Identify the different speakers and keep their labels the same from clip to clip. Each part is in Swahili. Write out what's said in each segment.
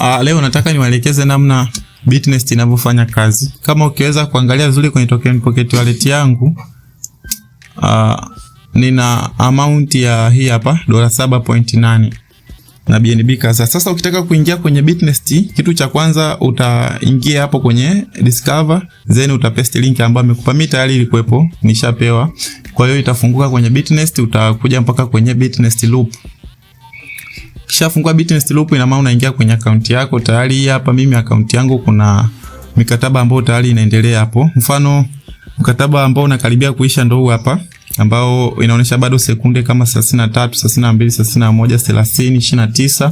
Speaker 1: Uh, leo nataka niwaelekeze namna Bitnest inavyofanya kazi. Kama ukiweza kuangalia vizuri kwenye token pocket wallet yangu uh, nina amount ya hii hapa dola 7.8 na BNB Kasa. Sasa ukitaka kuingia kwenye Bitnest, kitu cha kwanza utaingia hapo kwenye discover, then utapaste link ambayo amekupa mimi, tayari ilikuwepo, nishapewa. Kwa hiyo itafunguka kwenye Bitnest, utakuja mpaka kwenye Bitnest loop. Ukishafungua Bitnest Loop, ina maana unaingia kwenye akaunti yako tayari. Hapa mimi akaunti yangu kuna mikataba ambayo tayari inaendelea hapo. Mfano mkataba ambao unakaribia kuisha ndio huu hapa ambao inaonyesha bado sekunde kama 33, 32, 31, 30,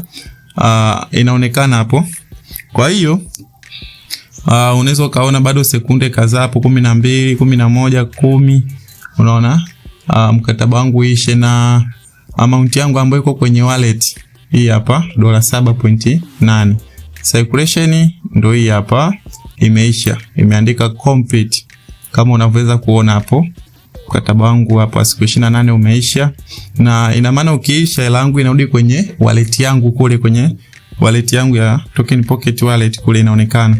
Speaker 1: 29 uh, inaonekana hapo. Kwa hiyo uh, unaweza ukaona bado sekunde kadhaa hapo 12, 11, 10. Unaona uh, mkataba wangu ishe na amount yangu ambayo iko kwenye wallet hii hapa dola saba pointi nane. Circulation ndio hii hapa imeisha, imeandika complete kama unavyoweza kuona hapo. Mkataba wangu hapa siku 28 umeisha, na ina maana ukiisha hela yangu inarudi kwenye wallet yangu kule kwenye wallet yangu ya Token Pocket wallet kule inaonekana.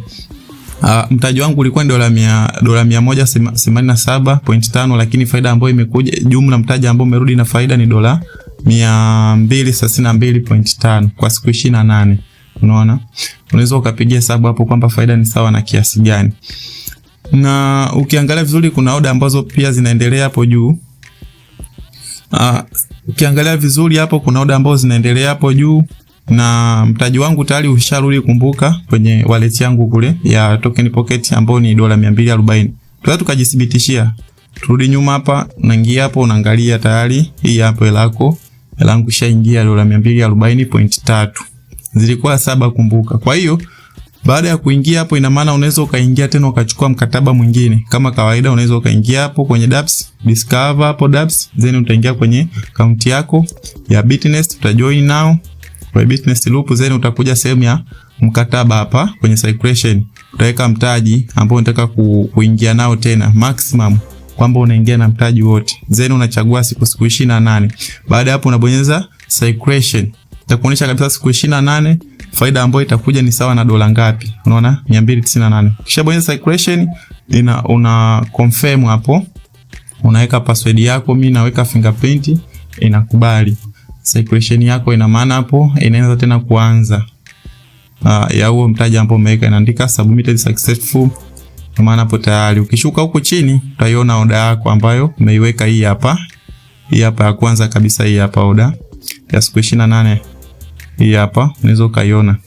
Speaker 1: Uh, mtaji wangu ulikuwa ni dola mia dola mia moja themanini na saba point tano, lakini faida ambayo imekuja jumla mtaji ambao umerudi na faida ni dola mia mbili thelathini na mbili pointi tano kwa siku ishirini na nane. Unaona, unaweza ukapigia hesabu hapo kwamba faida ni sawa na kiasi gani, na ukiangalia vizuri kuna oda ambazo pia zinaendelea hapo juu. Uh, ukiangalia vizuri hapo kuna oda ambazo zinaendelea hapo juu na mtaji wangu tayari usharudi, kumbuka, kwenye wallet yangu kule ya token pocket ambao ni dola 240. Tunaweza tukajithibitishia, turudi nyuma hapa, unaingia hapo, unaangalia tayari hii hapo elako hela yangu ishaingia dola tatu zilikuwa saba, kumbuka. Kwa hiyo baada ya kuingia hapo, ina maana unaweza ukaingia tena ukachukua mkataba mwingine kama kawaida. Unaweza ukaingia hapo kwenye DApps discover, hapo DApps, then utaingia kwenye account yako ya Bitnest, utajoin nao kwa Bitnest loop, then utakuja sehemu ya mkataba hapa kwenye circulation, utaweka mtaji ambao unataka kuingia nao tena maximum kwamba unaingia na mtaji wote. Then unachagua siku siku 28. Baada hapo unabonyeza circulation. Itakuonyesha kabisa siku 28 faida ambayo itakuja ni sawa na dola ngapi? Unaona? 298. Kisha bonyeza circulation ina una confirm hapo. Unaweka password yako, mimi naweka fingerprint inakubali. Circulation yako ina maana hapo inaanza tena kuanza. Uh, ya huo mtaji ambao umeweka inaandika submitted successful kwa maana hapo tayari ukishuka huku chini utaiona oda yako ambayo umeiweka hii hapa. Hii hapa ya kwanza kabisa, hii hapa oda ya siku 28 hii hapa unaweza ukaiona.